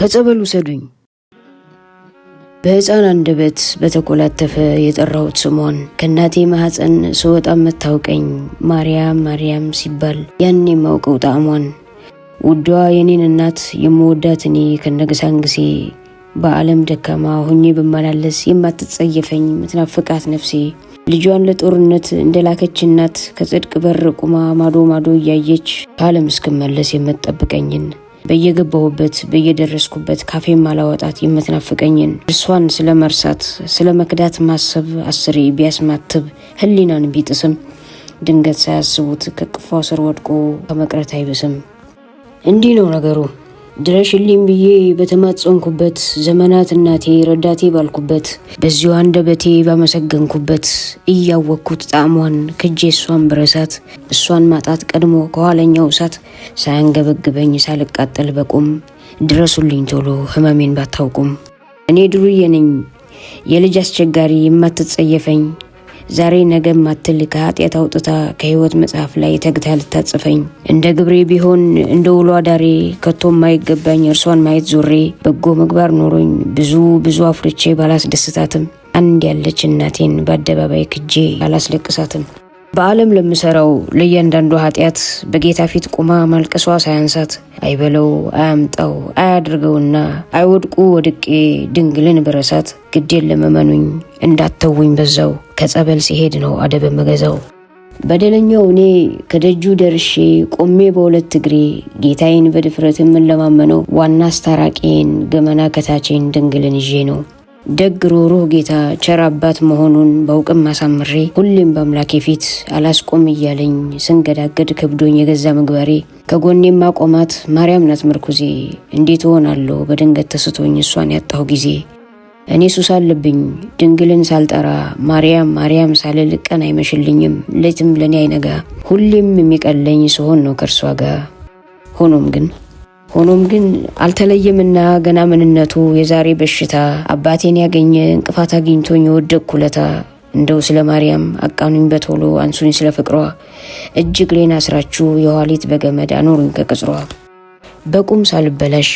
ከጸበሉ ሰዱኝ። በሕፃን አንደበት በተኮላተፈ የጠራሁት ስሟን ከእናቴ ማኅፀን ስወጣ መታውቀኝ ማርያም ማርያም ሲባል ያን የማውቀው ጣዕሟን ውዷ የኔን እናት የምወዳት እኔ ጊዜ በዓለም ደካማ ሆኜ በማላለስ የማትጸየፈኝ ምትናፍቃት ነፍሴ ልጇን ለጦርነት እንደላከች እናት ከጽድቅ በር ቁማ ማዶ ማዶ እያየች ከዓለም እስክመለስ የምትጠብቀኝን በየገባሁበት በየደረስኩበት ካፌ ማላወጣት የምትናፍቀኝን እርሷን ስለ መርሳት ስለ መክዳት ማሰብ አስሬ ቢያስማትብ ህሊናን ቢጥስም ድንገት ሳያስቡት ከቅፏ ስር ወድቆ ከመቅረት አይብስም። እንዲህ ነው ነገሩ። ድረሽልኝ ብዬ በተማጸንኩበት ዘመናት እናቴ ረዳቴ ባልኩበት በዚሁ አንደበቴ ባመሰገንኩበት እያወቅኩት ጣዕሟን ክጄ እሷን ብረሳት እሷን ማጣት ቀድሞ ከኋለኛው እሳት ሳያንገበግበኝ ሳልቃጠል በቁም ድረሱልኝ ቶሎ ህመሜን ባታውቁም እኔ ድሩዬ ነኝ የልጅ አስቸጋሪ የማትጸየፈኝ ዛሬ ነገ ማትል ከኃጢአት አውጥታ ከህይወት መጽሐፍ ላይ ተግታ ልታጽፈኝ እንደ ግብሬ ቢሆን እንደ ውሎ አዳሬ ከቶ የማይገባኝ እርሷን ማየት ዞሬ በጎ ምግባር ኖሮኝ ብዙ ብዙ አፍርቼ ባላስደስታትም አንድ ያለች እናቴን በአደባባይ ክጄ ባላስለቅሳትም። በዓለም ለምሰራው ለእያንዳንዱ ኃጢአት በጌታ ፊት ቁማ ማልቀሷ ሳያንሳት አይበለው አያምጣው አያድርገውና አይወድቁ ወድቄ ድንግልን ብረሳት ግዴን ለመመኑኝ እንዳተውኝ በዛው ከጸበል ሲሄድ ነው አደብ መገዛው በደለኛው እኔ ከደጁ ደርሼ ቆሜ በሁለት እግሬ ጌታዬን በድፍረት የምንለማመነው ዋና አስታራቂን ገመና ከታቼን ድንግልን ይዤ ነው። ደግ ሩህሩህ ጌታ ቸር አባት መሆኑን በውቅም አሳምሬ ሁሌም በአምላኬ ፊት አላስቆም እያለኝ ስንገዳገድ ከብዶኝ የገዛ ምግባሬ ከጎኔ ማቆማት ማርያም ናት ምርኩዜ። እንዴት እሆናለሁ በድንገት ተስቶኝ እሷን ያጣሁ ጊዜ እኔ ሱስ አለብኝ ድንግልን ሳልጠራ ማርያም ማርያም ሳልል ቀን አይመሽልኝም ሌትም ለእኔ አይነጋ ሁሌም የሚቀለኝ ስሆን ነው ከእርሷ ጋር ሆኖም ግን ሆኖም ግን አልተለየምና ገና ምንነቱ የዛሬ በሽታ አባቴን ያገኘ እንቅፋት አግኝቶኝ የወደቅ ኩለታ እንደው ስለ ማርያም አቃኑኝ በቶሎ አንሱኝ ስለ ፍቅሯ እጅግ ሌን አስራችሁ የኋሊት በገመድ አኖሩኝ ከቅጽሯ በቁም ሳልበለሽ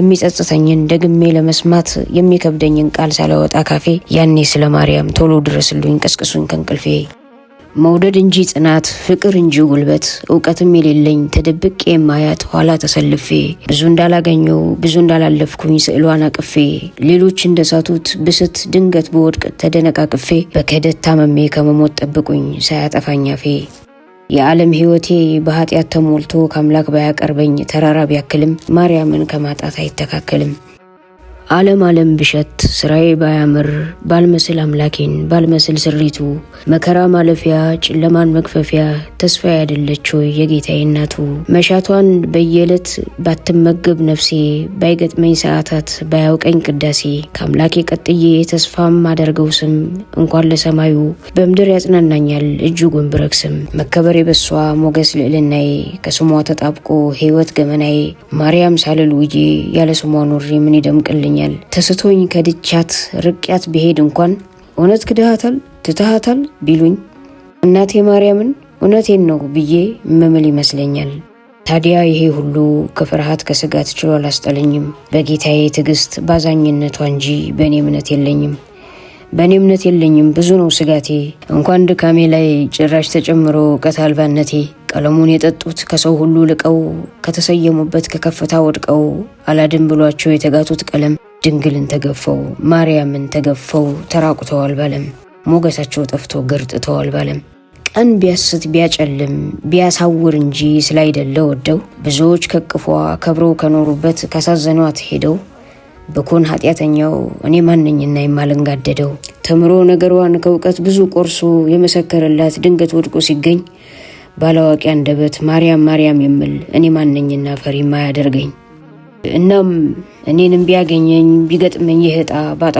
የሚጸጽተኝን ደግሜ ለመስማት የሚከብደኝን ቃል ሳላወጣ ካፌ ያኔ ስለ ማርያም ቶሎ ድረስልኝ ቀስቅሱኝ ከእንቅልፌ መውደድ እንጂ ጽናት፣ ፍቅር እንጂ ጉልበት፣ እውቀትም የሌለኝ ተደብቄ የማያት ኋላ ተሰልፌ ብዙ እንዳላገኘው ብዙ እንዳላለፍኩኝ ስዕሏን አቅፌ ሌሎች እንደሳቱት ብስት ድንገት በወድቅ ተደነቃቅፌ በክህደት ታመሜ ከመሞት ጠብቁኝ ሳያጠፋኝ አፌ የዓለም ሕይወቴ በኃጢአት ተሞልቶ ከአምላክ ባያቀርበኝ ተራራ ቢያክልም ማርያምን ከማጣት አይተካከልም። ዓለም ዓለም ብሸት ስራዬ ባያምር ባልመስል አምላኬን ባልመስል ስሪቱ መከራ ማለፊያ ጨለማን መክፈፊያ ተስፋ ያደለች ሆይ የጌታዬ እናቱ መሻቷን በየዕለት ባትመገብ ነፍሴ ባይገጥመኝ ሰዓታት ባያውቀኝ ቅዳሴ ከአምላኬ ቀጥዬ ተስፋም አደርገው ስም እንኳን ለሰማዩ በምድር ያጽናናኛል እጅጉን ብረግ ስም መከበሬ በሷ ሞገስ ልዕልናዬ ከስሟ ተጣብቆ ሕይወት ገመናዬ ማርያም ሳልል ውጄ ያለ ስሟ ኖሬ ምን ይደምቅልኛል ይገኛል። ተስቶኝ ከድቻት ርቅያት ብሄድ እንኳን እውነት ክድሃታል ትትሃታል ቢሉኝ እናቴ ማርያምን እውነቴን ነው ብዬ ምምል ይመስለኛል። ታዲያ ይሄ ሁሉ ከፍርሃት ከስጋት ችሎ አላስጠለኝም። በጌታዬ ትዕግስት ባዛኝነቷ እንጂ በእኔ እምነት የለኝም በእኔ እምነት የለኝም። ብዙ ነው ስጋቴ፣ እንኳን ድካሜ ላይ ጭራሽ ተጨምሮ እውቀት አልባነቴ። ቀለሙን የጠጡት ከሰው ሁሉ ልቀው ከተሰየሙበት ከከፍታ ወድቀው አላድን ብሏቸው የተጋቱት ቀለም ድንግልን ተገፈው፣ ማርያምን ተገፈው ተራቁተዋል ባለም፣ ሞገሳቸው ጠፍቶ ገርጥተዋል ባለም። ቀን ቢያስት ቢያጨልም ቢያሳውር እንጂ ስላይደለ ወደው ብዙዎች ከቅፏ ከብረው ከኖሩበት ካሳዘኗት ሄደው በኮን ኃጢአተኛው እኔ ማንኝና የማልንጋደደው ተምሮ ነገሯን ከእውቀት ብዙ ቆርሶ የመሰከረላት ድንገት ወድቆ ሲገኝ ባላዋቂ አንደበት ማርያም ማርያም የምል እኔ ማንኝና ፈሪ ማያደርገኝ እናም እኔንም ቢያገኘኝ ቢገጥመኝ ይህጣ ዕጣ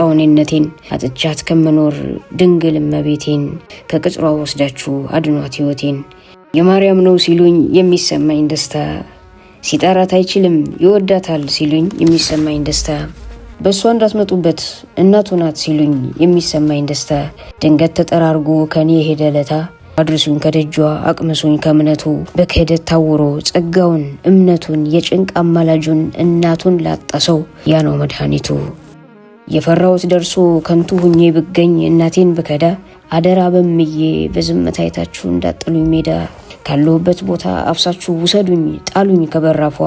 አጥቻት ከምኖር ድንግል እመቤቴን ከቅጽሯ ወስዳችሁ አድኗት ሕይወቴን። የማርያም ነው ሲሉኝ የሚሰማኝ ደስታ፣ ሲጠራት አይችልም ይወዳታል ሲሉኝ የሚሰማኝ ደስታ፣ በእሷ እንዳትመጡበት እናቱ ናት ሲሉኝ የሚሰማኝ ደስታ፣ ድንገት ተጠራርጎ ከኔ የሄደ ለታ አድርሱኝ ከደጇ አቅምሱኝ ከእምነቱ በክህደት ታውሮ ጸጋውን እምነቱን የጭንቅ አማላጁን እናቱን ላጣሰው ያ ነው መድኃኒቱ። የፈራሁት ደርሶ ከንቱ ሁኜ ብገኝ እናቴን ብከዳ አደራ በምዬ በዝምታ አይታችሁ እንዳጥሉኝ ሜዳ ካለሁበት ቦታ አፍሳችሁ ውሰዱኝ ጣሉኝ ከበራፏ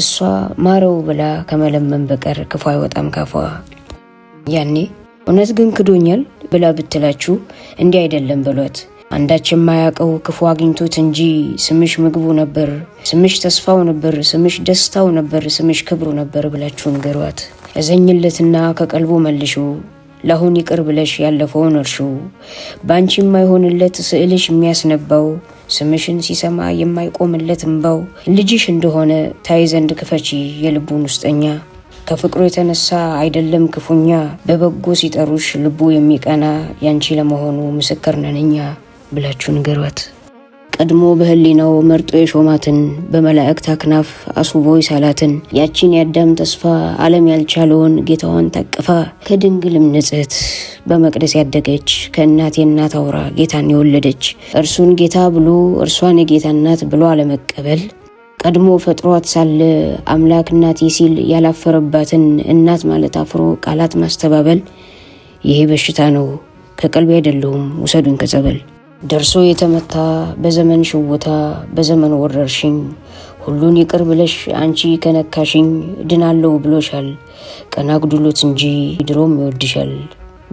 እሷ ማረው ብላ ከመለመን በቀር ክፉ አይወጣም ካፏ። ያኔ እውነት ግን ክዶኛል ብላ ብትላችሁ እንዲህ አይደለም ብሏት። አንዳች የማያውቀው ክፉ አግኝቶት እንጂ ስምሽ ምግቡ ነበር፣ ስምሽ ተስፋው ነበር፣ ስምሽ ደስታው ነበር፣ ስምሽ ክብሩ ነበር ብላችሁ ንገሯት። እዘኝለትና ከቀልቡ መልሹ። ለአሁን ይቅር ብለሽ ያለፈውን እርሹ። በአንቺ የማይሆንለት ስዕልሽ የሚያስነባው ስምሽን ሲሰማ የማይቆምለት እንባው ልጅሽ እንደሆነ ታይ ዘንድ ክፈቺ የልቡን ውስጠኛ ከፍቅሩ የተነሳ አይደለም ክፉኛ በበጎ ሲጠሩሽ ልቡ የሚቀና ያንቺ ለመሆኑ ምስክር ነንኛ። ብላችሁ ንገሯት። ቀድሞ በህሊናው መርጦ የሾማትን በመላእክት አክናፍ አስውቦ ይሳላትን ያቺን የአዳም ተስፋ ዓለም ያልቻለውን ጌታዋን ታቅፋ ከድንግልም ንጽሕት በመቅደስ ያደገች ከእናቴ እናት አውራ ጌታን የወለደች እርሱን ጌታ ብሎ እርሷን የጌታ እናት ብሎ አለመቀበል ቀድሞ ፈጥሯት ሳለ አምላክ እናቴ ሲል ያላፈረባትን እናት ማለት አፍሮ ቃላት ማስተባበል ይሄ በሽታ ነው። ከቀልቤ አይደለሁም፣ ውሰዱን ከጸበል ደርሶ የተመታ በዘመን ሽውታ በዘመን ወረርሽኝ ሁሉን ይቅር ብለሽ አንቺ ከነካሽኝ ድናለው ብሎሻል። ቀና ጉድሎት እንጂ ድሮም ይወድሻል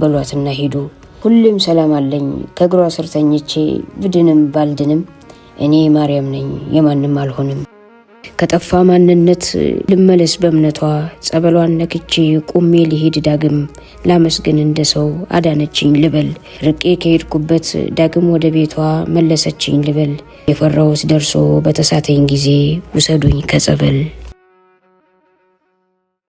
በሏትና ሂዱ። ሁሌም ሰላም አለኝ ከእግሯ ስር ተኝቼ ብድንም ባልድንም እኔ ማርያም ነኝ የማንም አልሆንም። ከጠፋ ማንነት ልመለስ በእምነቷ ጸበሏን ነክቼ ቁሜ ሊሄድ ዳግም ላመስግን እንደ ሰው አዳነችኝ ልበል ርቄ ከሄድኩበት ዳግም ወደ ቤቷ መለሰችኝ ልበል የፈራሁት ደርሶ በተሳተኝ ጊዜ ውሰዱኝ ከጸበል